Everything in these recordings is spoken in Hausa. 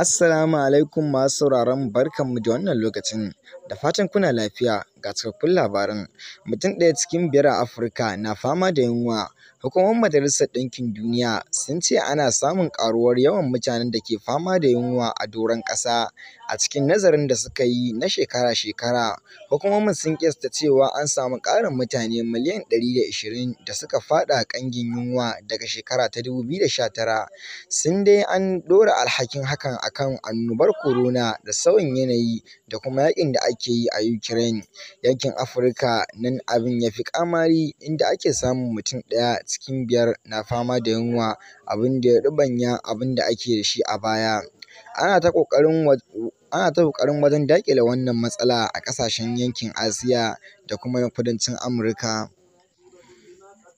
Assalamu alaikum masu sauraron mu barkanmu da wannan lokacin Da fatan kuna lafiya ga cikakkun labarin, Mutum ɗaya cikin biyar a Afirka na fama da yunwa. Hukumomin Majalisar Ɗinkin Duniya sun ce ana samun ƙaruwar yawan mutanen da ke fama da yunwa a doron ƙasa. A cikin nazarin da suka yi na shekara-shekara, hukumomin sun ƙiyasta cewa an samu ƙarin mutane miliyan ɗari da da suka faɗa ƙangin yunwa daga shekara ta tara. sun dai an ɗora alhakin hakan a kan annobar korona da sauyin yanayi da kuma yaƙin da ake ake yi a Ukraine, yankin Afirka nan abin ya fi ƙamari, inda ake samun mutum ɗaya cikin biyar na fama da yunwa, abin da ya rubanya abin da ake da shi a baya. Ana ta ƙoƙarin wajen daƙile wannan matsala a ƙasashen yankin Asiya da kuma na Kudancin Amurka.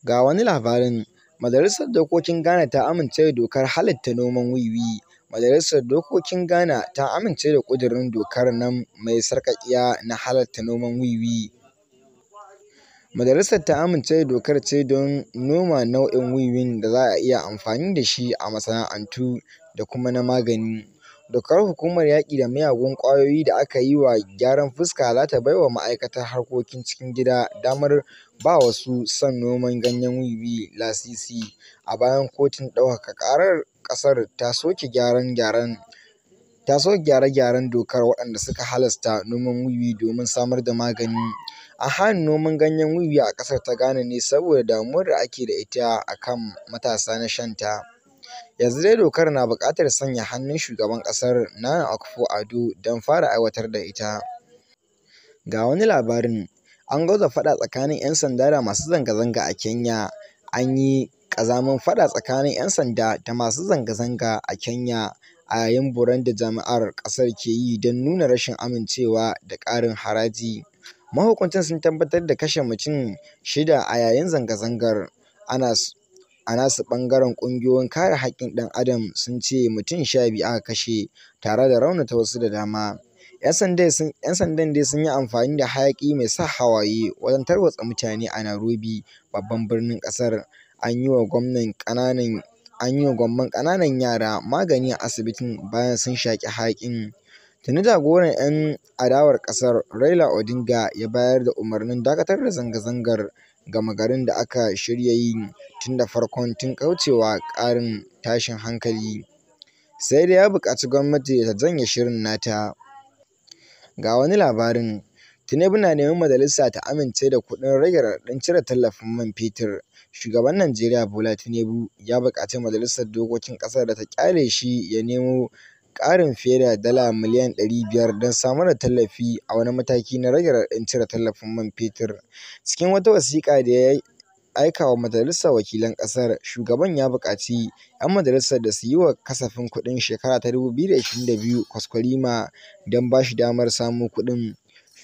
Ga wani labarin: Majalisar Dokokin Ghana ta amince da dokar halitta noman wiwi Majalisar Dokokin Ghana ta amince da ƙudurin dokar nan mai sarƙaƙiya na halatta noman wiwi. Majalisar ta amince da dokar ce don noma nau'in wiwin da za a iya amfani da shi a masana'antu da kuma na magani. Dokar Hukumar Yaƙi da Miyagun Ƙwayoyi da aka yi wa gyaran fuska za ta bai wa Ma'aikatar Harkokin Cikin Gida damar ba wasu son noman ganyen wiwi lasisi, a bayan Kotun Ɗaukaka Ƙarar ƙasar ta soke gyare-gyaren dokar waɗanda suka halasta noman wiwi domin samar da magani. a hana noman ganyen wiwi a ƙasar ta gane ne saboda damuwar da ake da ita a kan matasa na shanta. Yanzu dai dokar na buƙatar sanya hannun shugaban ƙasar Nana akufo ado don fara aiwatar da ita. Ga wani labarin: An gwada faɗa tsakanin 'yan sanda da masu zanga-zanga a Kenya. An yi ƙazamin faɗa tsakanin 'yan sanda da masu zanga-zanga a Kenya a yayin boron da jama'ar ƙasar ke yi don nuna rashin amincewa da ƙarin haraji. Mahukuntan sun tabbatar da kashe mutum shida a yayin zanga-zangar. A nasu ɓangaren, ƙungiyoyin kare haƙƙin ɗan adam sun ce mutum sha biyu aka kashe tare da raunata wasu da dama. 'Yan sandan dai sun yi amfani da hayaƙi mai sa hawaye wajen tarwatsa mutane a Nairobi, babban birnin ƙasar. an yi wa gwamman ƙananan yara magani a asibitin bayan sun shaƙi hayaƙin. Tuni jagoran 'yan adawar ƙasar, Raila Odinga ya bayar da umarnin dakatar da zanga-zangar gama-garin da aka shirya yi tun da farkon don kaucewa ƙarin tashin hankali, sai dai ya buƙaci gwamnati da ta janye shirin nata. Ga wani labarin: Tinubu na neman majalisa ta amince da kuɗin rage raɗaɗin cire tallafin man fetur Shugaban Najeriya Bola Tinubu ya buƙaci Majalisar Dokokin ƙasar da ta ƙyale shi ya nemo ƙarin fiye da dala miliyan ɗari biyar don samar da tallafi a wani mataki na rage raɗaɗin cire tallafin man fetur. Cikin wata wasiƙa da ya aika wa Majalisar Wakilan ƙasar, shugaban ya buƙaci ‘yan majalisar da su yi wa kasafin kuɗin shekara ta 2022 kwaskwarima don ba shi damar samo kuɗin.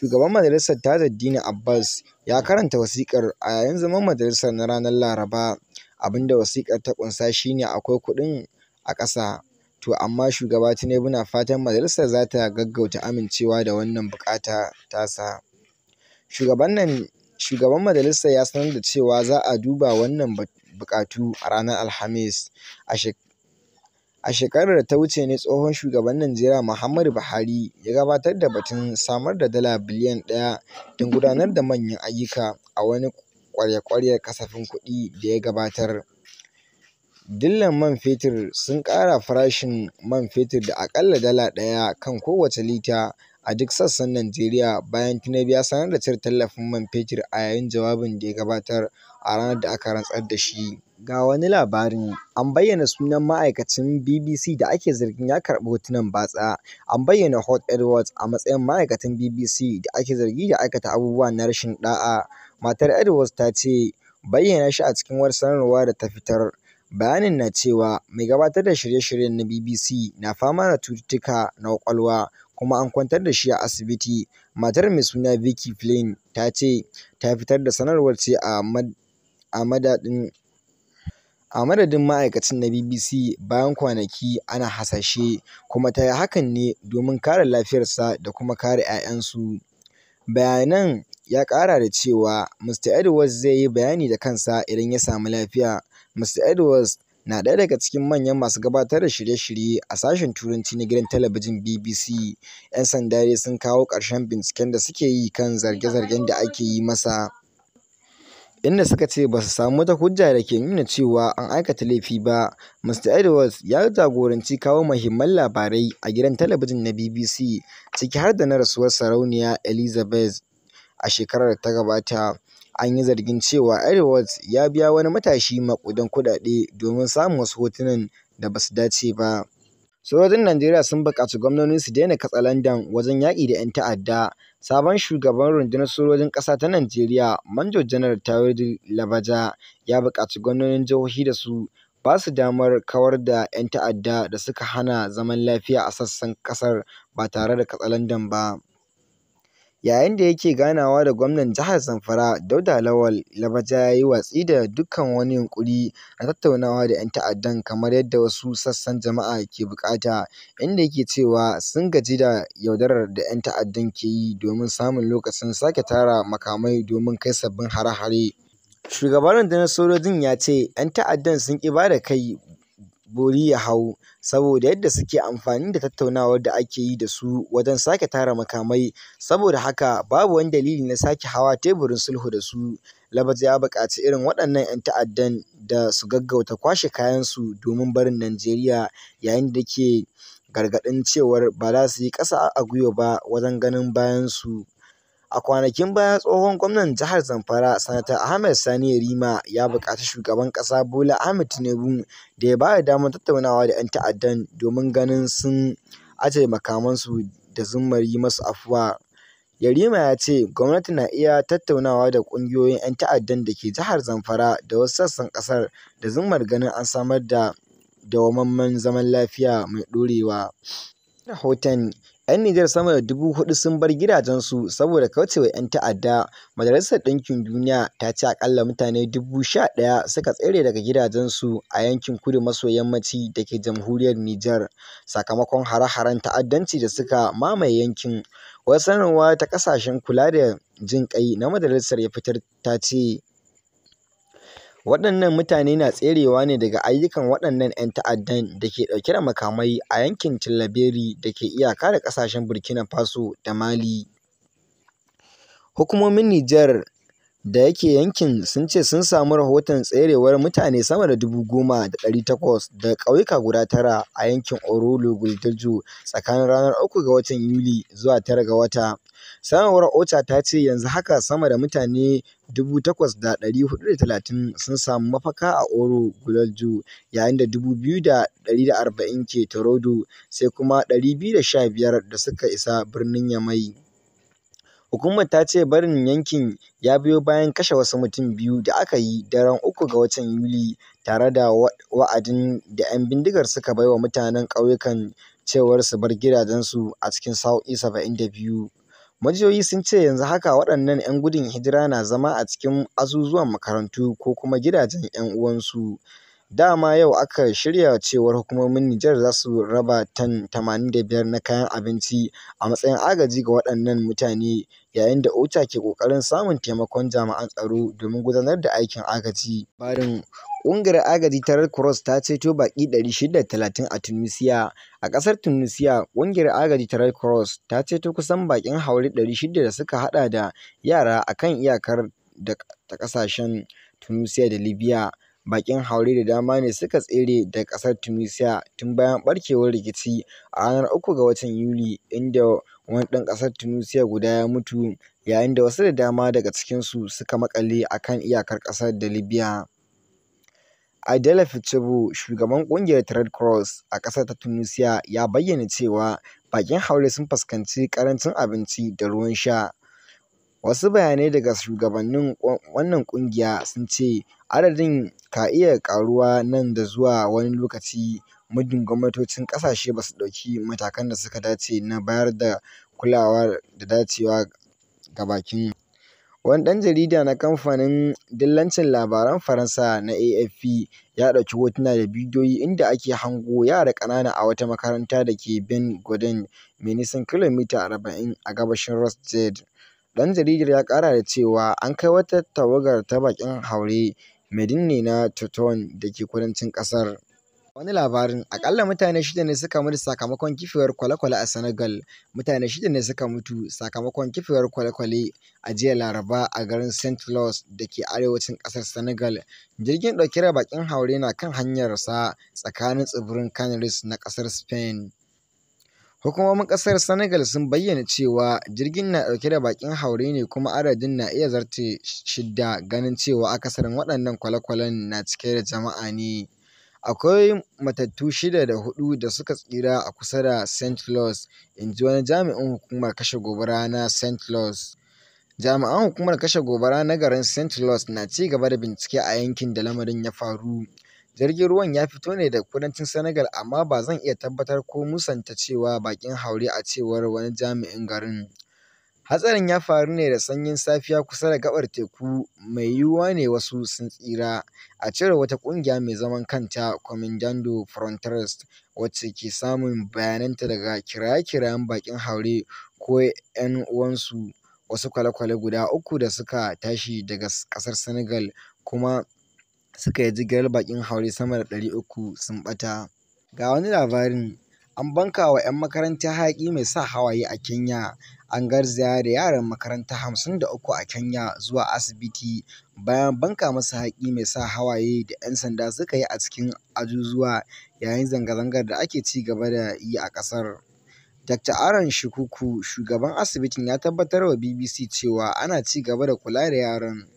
Shugaban Majalisar Tajuddeen Abbas ya karanta wasikar a yayin zaman majalisar na ranar Laraba. Abinda wasikar ta ƙunsa shine akwai kuɗin a ƙasa, to amma Shugaba Tinubu na fatan majalisar za ta gaggauta amincewa da wannan ta tasa. Shugaban majalisar ya sanar da cewa za a duba wannan bukatu a ranar Alhamis. A shekarar da ta wuce ne tsohon shugaban Najeriya Muhammadu Buhari ya gabatar da batun samar da Dala biliyan ɗaya don gudanar da manyan ayyuka a wani ƙwarya-ƙwaryar kasafin kuɗi da ya gabatar. Dillan man fetur sun ƙara farashin man fetur da aƙalla dala ɗaya kan kowace lita a duk sassan Najeriya bayan Tinubu ya sanar da cire tallafin man fetur a yayin jawabin da ya gabatar a ranar da aka rantsar da shi. Ga wani labarin: An bayyana sunan ma'aikacin BBC da ake zargin ya karɓi hotunan batsa An bayyana hot Edwards a matsayin ma'aikacin BBC da ake zargi da aikata abubuwa na rashin ɗa'a, matar Edwards ta ce, bayyana shi a cikin wata sanarwa da ta fitar. Bayanin na cewa mai gabatar da shirye-shiryen na BBC na fama da cututtuka na ƙwaƙwalwa kuma an kwantar da shi a asibiti. Matar mai suna Vicki Flynn ta ce ta fitar da sanarwar ce a madadin a madadin ma'aikacin na BBC bayan kwanaki ana hasashe, kuma ta yi hakan ne domin kare lafiyarsa da kuma kare 'ya'yansu. Bayanan ya ƙara da cewa Mr Edwards zai yi bayani da kansa idan ya samu lafiya. Mr Edwards na ɗaya daga cikin manyan masu gabatar da shirye-shirye a sashen Turanci na gidan talabijin BBC. ‘Yan sanda dai sun kawo ƙarshen binciken da suke yi kan zarge-zargen da ake yi masa. inda suka ce ba su samu wata hujja da ke nuna cewa an aikata laifi ba. Mr Edwards ya jagoranci kawo muhimman labarai a gidan talabijin na BBC, ciki har da na rasuwar Sarauniya Elizabeth a shekarar ta gabata. An yi zargin cewa Edwards ya biya wani matashi maƙudan kuɗaɗe domin samun wasu hotunan da ba su dace ba. Sojojin Najeriya sun buƙaci gwamnoni su daina katsalandan wajen yaƙi da 'yan ta'adda. Sabon shugaban Rundunar Sojojin Ƙasa ta Najeriya, Manjo Janar Taweru Labaja, ya buƙaci gwamnonin jihohi da su ba su damar kawar da 'yan ta'adda da suka hana zaman lafiya a sassan ƙasar ba tare da katsalandan ba. Yayin da yake ganawa da gwamnan jihar Zamfara, Dauda Lawal Labaja ya yi watsi da dukkan wani yunƙuri na tattaunawa da 'yan ta'addan kamar yadda wasu sassan jama'a ke buƙata, inda yake cewa sun gaji da yaudarar da 'yan ta'addan ke yi domin samun lokacin sake tara makamai domin kai sabbin hare-hare. Shugaban rundunar sojojin ya ce 'yan ta'addan sun ƙi ba da kai bori ya hau saboda yadda suke amfani da tattaunawar da ake yi da su wajen sake tara makamai saboda haka babu wani dalili na sake hawa teburin sulhu da su. Labat ya buƙaci irin waɗannan ‘yan ta'addan da su gaggauta kwashe kayansu domin barin Najeriya yayin da ke gargaɗin cewar ba za su yi ƙasa a gwiwa ba wajen ganin bayansu. A kwanakin baya, tsohon gwamnan jihar Zamfara, Sanata Ahmed Sani Yarima ya buƙaci Shugaban ƙasa Bola Ahmed Tinubu da ya ba da damar tattaunawa da ‘yan ta'addan domin ganin sun ajiye makamansu da zummar yi masu afuwa. Yarima ya ce gwamnati na iya tattaunawa da ƙungiyoyin ‘yan ta'addan da ke jihar Zamfara da wasu sassan ƙasar da zummar ganin an samar da dawwammamen zaman lafiya mai ɗorewa. Rahoton 'Yan Nijar sama da dubu hudu sun bar gidajensu saboda kaucewa 'yan ta'adda. Majalisar Ɗinkin Duniya ta ce akalla mutane dubu sha ɗaya suka tsere daga gidajensu a yankin kudu-maso-yammaci da ke jamhuriyar Nijar, sakamakon hare-haren ta'addanci da suka mamaye yankin. wasu sanarwa ta Ƙasashen Kula da Jin ƙai na Majalisar ya fitar ta ce: Waɗannan mutane na tserewa ne daga ayyukan waɗannan 'yan ta'addan da ke ɗauke da makamai a yankin Tillaberi da ke iyaka da ƙasashen Burkina Faso da Mali. Hukumomin Nijar da yake yankin sun ce sun samu rahoton tserewar mutane sama da goma 10,800 daga ƙauyuka guda tara a yankin Orolo gulderju tsakanin ranar 3 ga watan Yuli zuwa 9 ga wata. Sanarwar ota ta ce yanzu haka sama da mutane 8,430 sun samu mafaka a Oro-Gulderju, yayin da 2,140 ke Torodo, sai kuma 215 da suka isa birnin Yamai. Hukumar ta ce barin yankin ya biyo bayan kashe wasu mutum biyu da aka yi daren uku ga watan Yuli tare da wa'adin da 'yan bindigar suka bai wa mutanen ƙauyukan cewar su bar gidajensu a cikin sa'o'i biyu Majiyoyi sun ce yanzu haka waɗannan 'yan gudun hijira na zama a cikin azuzuwan makarantu ko kuma gidajen 'yan uwansu. Da yau aka shirya cewar hukumomin Nijar za su raba tan 85 na kayan abinci a matsayin agaji ga waɗannan mutane, yayin da OCHA ke ƙoƙarin samun taimakon jami'an tsaro domin gudanar da aikin agaji. barin ƙungiyar agaji ta Red Cross ta ceto baƙi 630 a Tunisiya A ƙasar Tunisiya, ƙungiyar agaji ta Red Cross ta ceto kusan baƙin haure 600 da suka haɗa da yara a kan iyakar ta ƙasashen Tunisiya da Libya. baƙin haure da dama ne suka tsere da kasar Tunisia tun bayan barkewar rikici a ranar 3 ga watan Yuli, inda wani ɗan kasar Tunisia guda ya mutu, yayin da wasu da dama daga cikinsu suka makale a kan iyakar kasar da Libya. Adela Ficcebo, shugaban ƙungiyar Tred Red Cross a kasar ta Tunisia ya bayyana cewa baƙin haure sun fuskanci ƙarancin abinci da ruwan sha. Wasu bayanai daga shugabannin wannan ƙungiya sun ce adadin ka iya ƙaruwa nan da zuwa wani lokaci muddin gwamnatocin ƙasashe ba su ɗauki matakan da suka dace na bayar da kulawa da dacewa ga bakin. Wani ɗan jarida na kamfanin dillacin labaran Faransa na AFP ya ɗauki hotuna da bidiyoyi inda ake hango yara ƙanana a wata makaranta da ke Ben Gordon mai nisan kilomita arba'in a gabashin Ras Jdir. Ɗan jaridar ya ƙara da cewa an kai wata tawagar ta baƙin haure Medinah na Teton da ke kudancin ƙasar. Wani labarin: Aƙalla mutane shida ne suka mutu sakamakon kifiyar kwale-kwale a Senegal Mutane shida ne suka mutu sakamakon kifiyar kwale-kwale a jiya Laraba a garin Saint-Louis da ke arewacin ƙasar Senegal. Jirgin ɗauke da baƙin haure na kan hanyarsa tsakanin tsibirin Canaries na ƙasar Spain. Hukumomin ƙasar Senegal sun bayyana cewa jirgin na ɗauke da bakin haure ne kuma adadin na iya zarte shidda ganin cewa akasarin waɗannan kwale-kwalen na cike da jama'a ne. Akwai matattu shida da hudu da suka tsira a kusa da St. Louis, in ji wani jami'in hukumar kashe gobara na St. Louis. Jami'an hukumar kashe gobara na garin St. Louis na ci gaba da bincike a yankin da lamarin ya faru. Jirgin ruwan ya fito ne daga kudancin Senegal amma ba zan iya tabbatar ko musanta cewa baƙin haure a cewar wani jami'in garin. Hatsarin ya faru ne da sanyin safiya kusa da gaɓar teku, mai yiwuwa ne wasu sun tsira, a cewar wata ƙungiya mai zaman kanta Commandando Frontieres wacce ke samun bayananta daga kiraye-kirayen baƙin haure ko 'yan uwansu. Wasu kwale-kwale guda uku da suka tashi daga ƙasar Senegal kuma suka yi jigilar bakin haure sama da ɗari uku sun ɓata. Ga wani labarin: An banka wa 'yan makaranta haƙi mai sa hawaye a Kenya An garzaya da yaran makaranta hamsin da uku a Kenya zuwa asibiti bayan banka masu haƙi mai sa hawaye da 'yan sanda suka yi a cikin azuzuwa yayin zanga-zangar da ake ci gaba da yi a ƙasar. Dr. Aaron Shikuku, shugaban asibitin, ya tabbatar wa BBC cewa ana ci gaba da kula da yaran.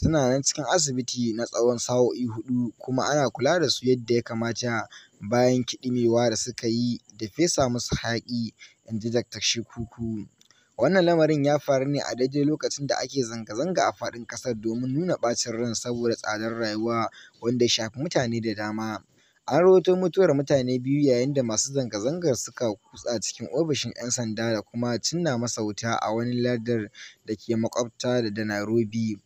suna nan cikin asibiti na tsawon sa'o'i huɗu kuma ana kula da su yadda ya kamata bayan kiɗimewa da suka yi da fesa musu hayaƙi, inji Dr. kuku. Wannan lamarin ya faru ne a daidai lokacin da ake zanga-zanga a faɗin ƙasar domin nuna ɓacin ran saboda tsadar rayuwa wanda ya shafi mutane da dama. An rawaito mutuwar mutane biyu yayin da masu zanga-zangar suka kutsa cikin ofishin 'yan sanda da kuma cinna masa wuta a wani ladar da ke maƙwabta da Nairobi.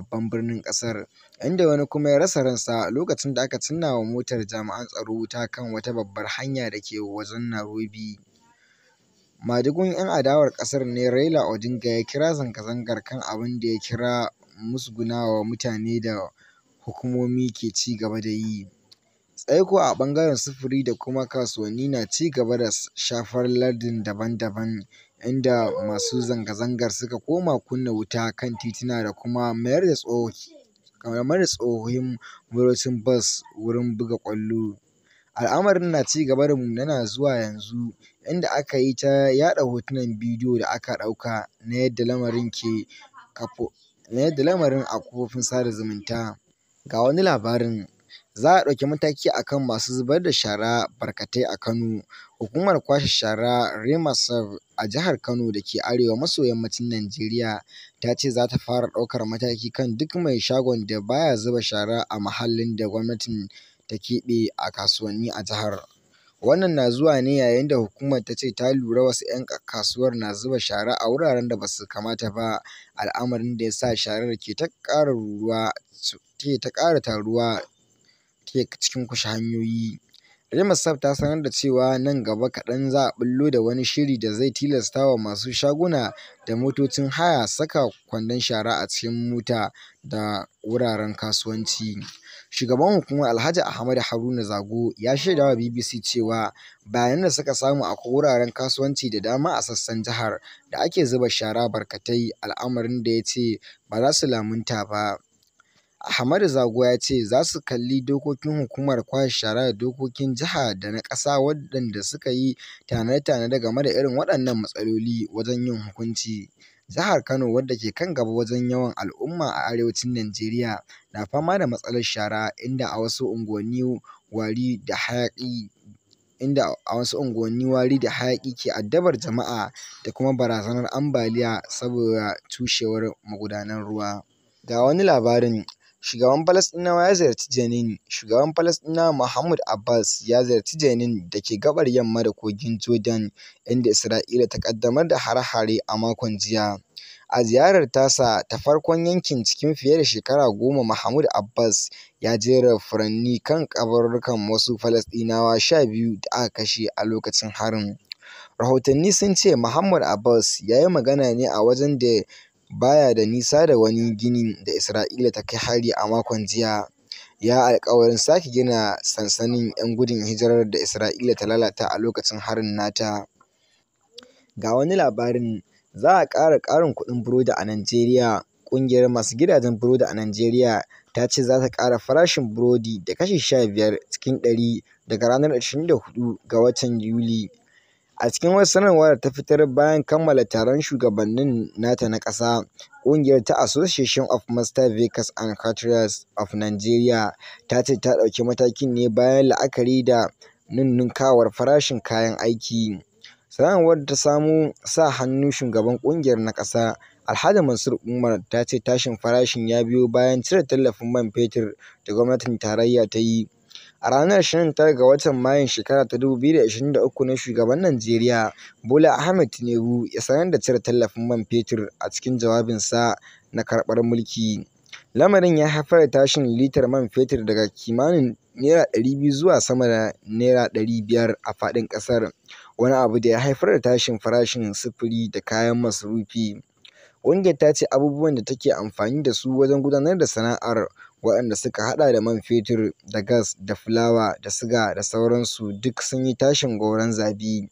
babban birnin ƙasar, inda wani kuma ya rasa ransa lokacin da aka cinna wa motar jami'an tsaro wuta kan wata babbar hanya da ke wajen Nairobi. madigun 'yan adawar ƙasar ne Raila Odinga ya kira zanga-zangar kan abin da ya kira “musgunawa mutane da hukumomi ke ci gaba da yi.” Tsaiko a ɓangaren sufuri da kuma kasuwanni na ci gaba da shafar lardin daban-daban. inda masu zanga-zangar suka koma kunna wuta kan tituna da kuma mayar da tsohin wurocin bas wurin buga ƙwallo. Al'amarin na ci gaba da munana zuwa yanzu, inda aka yi ta yaɗa hotunan bidiyo da aka ɗauka na yadda lamarin a kafofin sada zumunta. Ga wani labarin. za a ɗauki mataki a kan masu zubar da shara barkatai a Kano. Hukumar kwashe shara REMASERVE a jihar Kano da ke arewa maso yammacin Najeriya ta ce za ta fara ɗaukar mataki kan duk mai shagon da ba ya zuba shara a mahallin da gwamnatin ta keɓe a kasuwanni a jihar. Wannan na zuwa ne yayin da hukumar ta ce ta lura wasu ‘yan kasuwar na zuba shara a wuraren da ba su kamata ba, al'amarin da ya sa sharar ke ta ƙara taruwa ke cikin kashe hanyoyi. Remerself ta sanar da cewa nan gaba kaɗan za a ɓullo da wani shiri da zai tilasta wa masu shaguna da motocin haya saka kwandon shara a cikin mota da wuraren kasuwanci. Shugaban Hukumar Alhaji Ahmadu Haruna Zago ya shaidawa BBC cewa bayanan da suka samu akwai wuraren kasuwanci da dama a sassan jihar da ake zuba shara barkatai, al'amarin da ya ce ba za su lamunta ba. Ahmadu Zago ya ce za su kalli dokokin hukumar kwashe shara da dokokin jiha da na ƙasa waɗanda suka yi tanade-tanade game da irin waɗannan matsaloli wajen yin hukunci. Jihar Kano, wadda ke kan gaba wajen yawan al'umma a arewacin Najeriya, na fama da matsalar shara, inda a wasu unguwanni wari da hayaƙi ke addabar jama'a da kuma barazanar ambaliya saboda tushewar magudanan ruwa. Ga wani labarin. Shugaban Falasɗinawa ya ziyarci Jenin Shugaban Falasɗinawa Mahmud Abbas ya ziyarci Jenin da ke gaɓar yamma da Kogin Jordan, inda Isra'ila ta ƙaddamar da hare-hare a makon jiya. A ziyarar tasa ta farkon yankin cikin fiye da shekara goma, Mahmud Abbas ya jera furanni kan kabarurrukan wasu Falasɗinawa sha biyu da aka kashe a lokacin harin. Rahotanni sun ce Mahmud Abbas ya yi magana ne a wajen da ba ya da nisa da wani ginin da Isra'ila ta kai hari a makon jiya ya alkawarin sake gina sansanin 'yan gudun hijirar da Isra'ila ta lalata a lokacin harin nata. Ga wani labarin: Za a ƙara ƙarin kuɗin burodi a Najeriya Ƙungiyar masu gidajen burodi a Najeriya ta ce za ta ƙara farashin burodi da kashi 15 cikin ɗari daga ranar 24 ga watan Yuli. A cikin wata sanarwar da ta fitar bayan kammala taron shugabannin nata na ƙasa, ƙungiyar ta Association of Master Bakers and Caterers of Nigeria ta ce ta ɗauki matakin ne bayan la'akari da nunnunkawar farashin kayan aiki. Sanarwar da ta samu sa hannu shugaban ƙungiyar na ƙasa, Alhaji Mansur Umar ta ce tashin farashin ya biyo bayan cire tallafin man fetur da gwamnatin tarayya ta yi. A ranar 29 ga watan Mayun shekara ta 2023 ne Shugaban Najeriya Bola Ahmed Tinubu ya sanar da cire tallafin man fetur a cikin jawabinsa na karɓar mulki. Lamarin ya haifar da tashin litar man fetur daga kimanin Naira 200 zuwa sama da Naira 500 a faɗin ƙasar, wani abu da ya haifar da tashin farashin sufuri da kayan masarufi. Ƙungiyar ta ce abubuwan da take amfani da su wajen gudanar da sana'ar waɗanda suka haɗa da man fetur da gas da fulawa da siga da sauransu duk sun yi tashin goron zabi.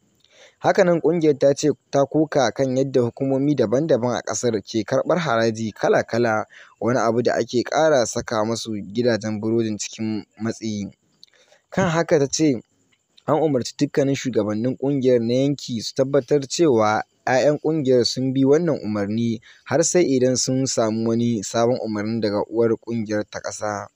Haka nan ƙungiyar ta ce ta koka kan yadda hukumomi daban-daban a ƙasar ke karɓar haraji kala-kala, wani abu da ake ƙara saka musu gidajen burodin cikin matsi. Kan haka ta ce An umarci dukkanin shugabannin ƙungiyar na yanki su tabbatar cewa 'ya'yan ƙungiyar sun bi wannan umarni har sai idan sun samu wani sabon umarni daga uwar ƙungiyar ta ƙasa.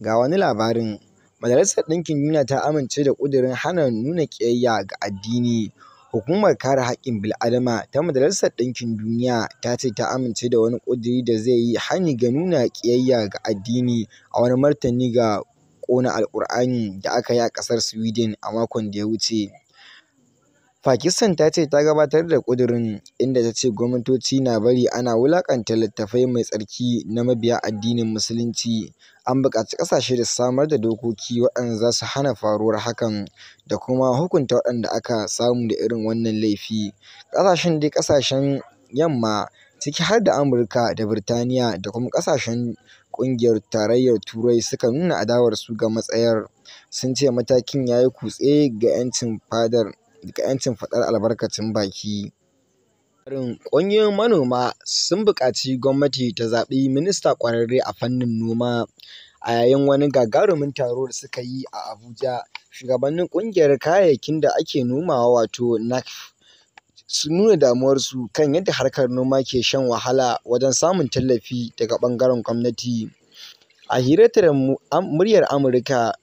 Ga wani labarin: Majalisar Ɗinkin Duniya ta amince da ƙudurin hana nuna ƙiyayya ga addini. Hukumar Kare Haƙƙin Bil'adama ta Majalisar Ɗinkin Duniya ta ce ta amince da wani ƙudiri da zai yi hani ga nuna ƙiyayya ga addini a wani martani ga ƙona Alƙur'ani da aka yi a ƙasar Sweden a makon da ya wuce. Pakistan ta ce ta gabatar da ƙudurin, inda ta ce gwamnatoci na bari ana wulaƙanta littattafai mai tsarki na mabiya addinin Musulunci. An buƙaci ƙasashe da su samar da dokoki waɗanda za su hana faruwar hakan da kuma hukunta waɗanda aka samu da irin wannan laifi. Ƙasashen dai ƙasashen Yamma, ciki har da Amurka da Birtaniya da kuma ƙasashen ƙungiyar Tarayyar Turai suka nuna adawar su ga matsayar, sun ce matakin ya yi kutse ga 'yancin faɗar albarkacin baki. Ƙarin ƙungiyoyin manoma sun buƙaci gwamnati ta zaɓi minista ƙwararre a fannin noma. A yayin wani gagarumin taro da suka yi a Abuja, shugabannin Ƙungiyar Kayayyakin da Ake Nomawa wato NACP su nuna damuwarsu kan yadda harkar noma ke shan wahala wajen samun tallafi daga ɓangaren gwamnati. A hiratar muryar Amurka,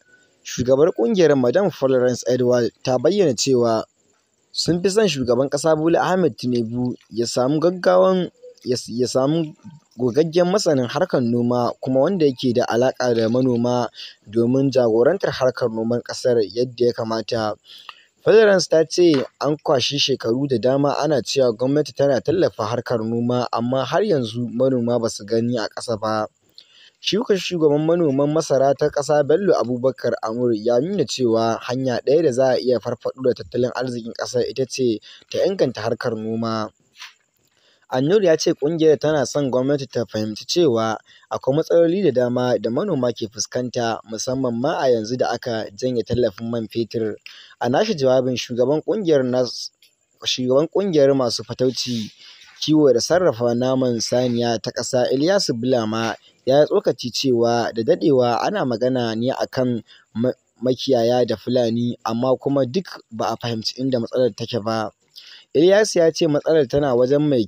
shugabar ƙungiyar Madam Florence Edward ta bayyana cewa, sun fi son Shugaban ƙasa Bula Ahmed Tinubu ya samu gogaggen masanin harkar noma kuma wanda yake da alaƙa da manoma domin jagorantar harkar noman ƙasar yadda ya kamata. Florence ta ce an kwashi shekaru da dama ana cewa gwamnati tana tallafa harkar noma amma har yanzu manoma ba su gani a ƙasa ba. shukar shugaban manoman masara ta ƙasa Bello Abubakar Amur ya nuna cewa hanya ɗaya da za a iya farfaɗo da tattalin arzikin ƙasar ita ce ta inganta harkar noma. Annur ya ce ƙungiyar tana son gwamnati ta fahimci cewa akwai matsaloli da dama da manoma ke fuskanta musamman ma a yanzu da aka janye tallafin man fetur. A nashi jawabin, shugaban ƙungiyar masu fatauci kiwo da sarrafa naman saniya ta ƙasa Ilyasu Bulama ya tsokaci cewa da daɗewa ana magana ne a kan makiyaya da Fulani amma kuma duk ba a fahimci inda matsalar take ba. Ilyasu ya ce matsalar tana wajen mai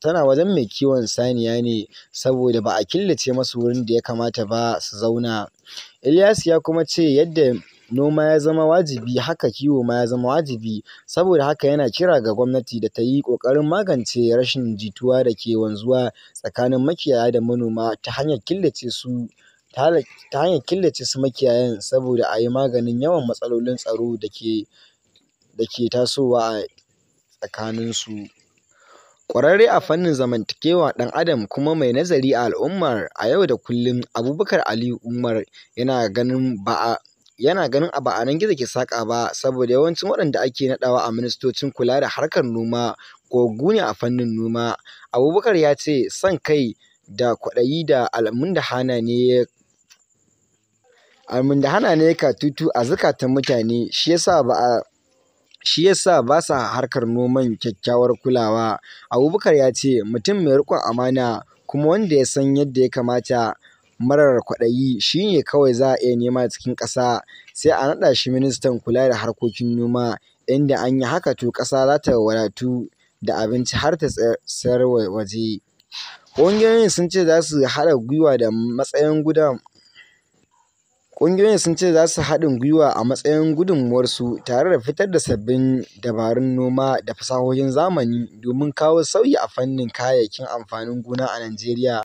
tana wajen mai kiwon saniya ne saboda ba a killace masu wurin da ya kamata ba su zauna. ilyas ya kuma ce yadda noma ya zama wajibi haka kiwo ma ya zama wajibi, saboda haka yana kira ga gwamnati da ta yi ƙoƙarin magance rashin jituwa da ke wanzuwa tsakanin makiyaya da manoma ta hanyar killace su makiyayan saboda a yi maganin yawan matsalolin tsaro da ke tasowa a tsakaninsu. Ƙwararre a fannin zamantakewa ɗan-adam kuma mai nazari a al'ummar a yau da kullum, Abubakar Aliyu Umar yana ganin ba a nan gizo ke saka ba saboda yawancin waɗanda ake naɗawa a ministocin kula da harkar noma gogaggu ne a fannin noma. Abubakar ya ce son kai da kwaɗayi da almundahana ne ya ka tutu a zukatan mutane, shi yasa ba a shi yasa sa ba sa harkar noman kyakkyawar kulawa. Abubakar ya ce mutum mai riƙon amana kuma wanda ya san yadda ya kamata marar kwaɗayi shine kawai za a iya nema cikin ƙasa, sai a naɗa shi ministan kula da harkokin noma, inda an yi haka to ƙasa za ta wadatu da abinci har ta sayar waje. Ƙungiyoyin sun ce za su haɗa gwiwa da matsayin Ƙungiyoyin sun ce za su haɗin gwiwa a matsayin gudunmawarsu tare da fitar da sabbin dabarun noma da fasahohin zamani domin kawo sauyi a fannin kayayyakin amfanin gona a Najeriya.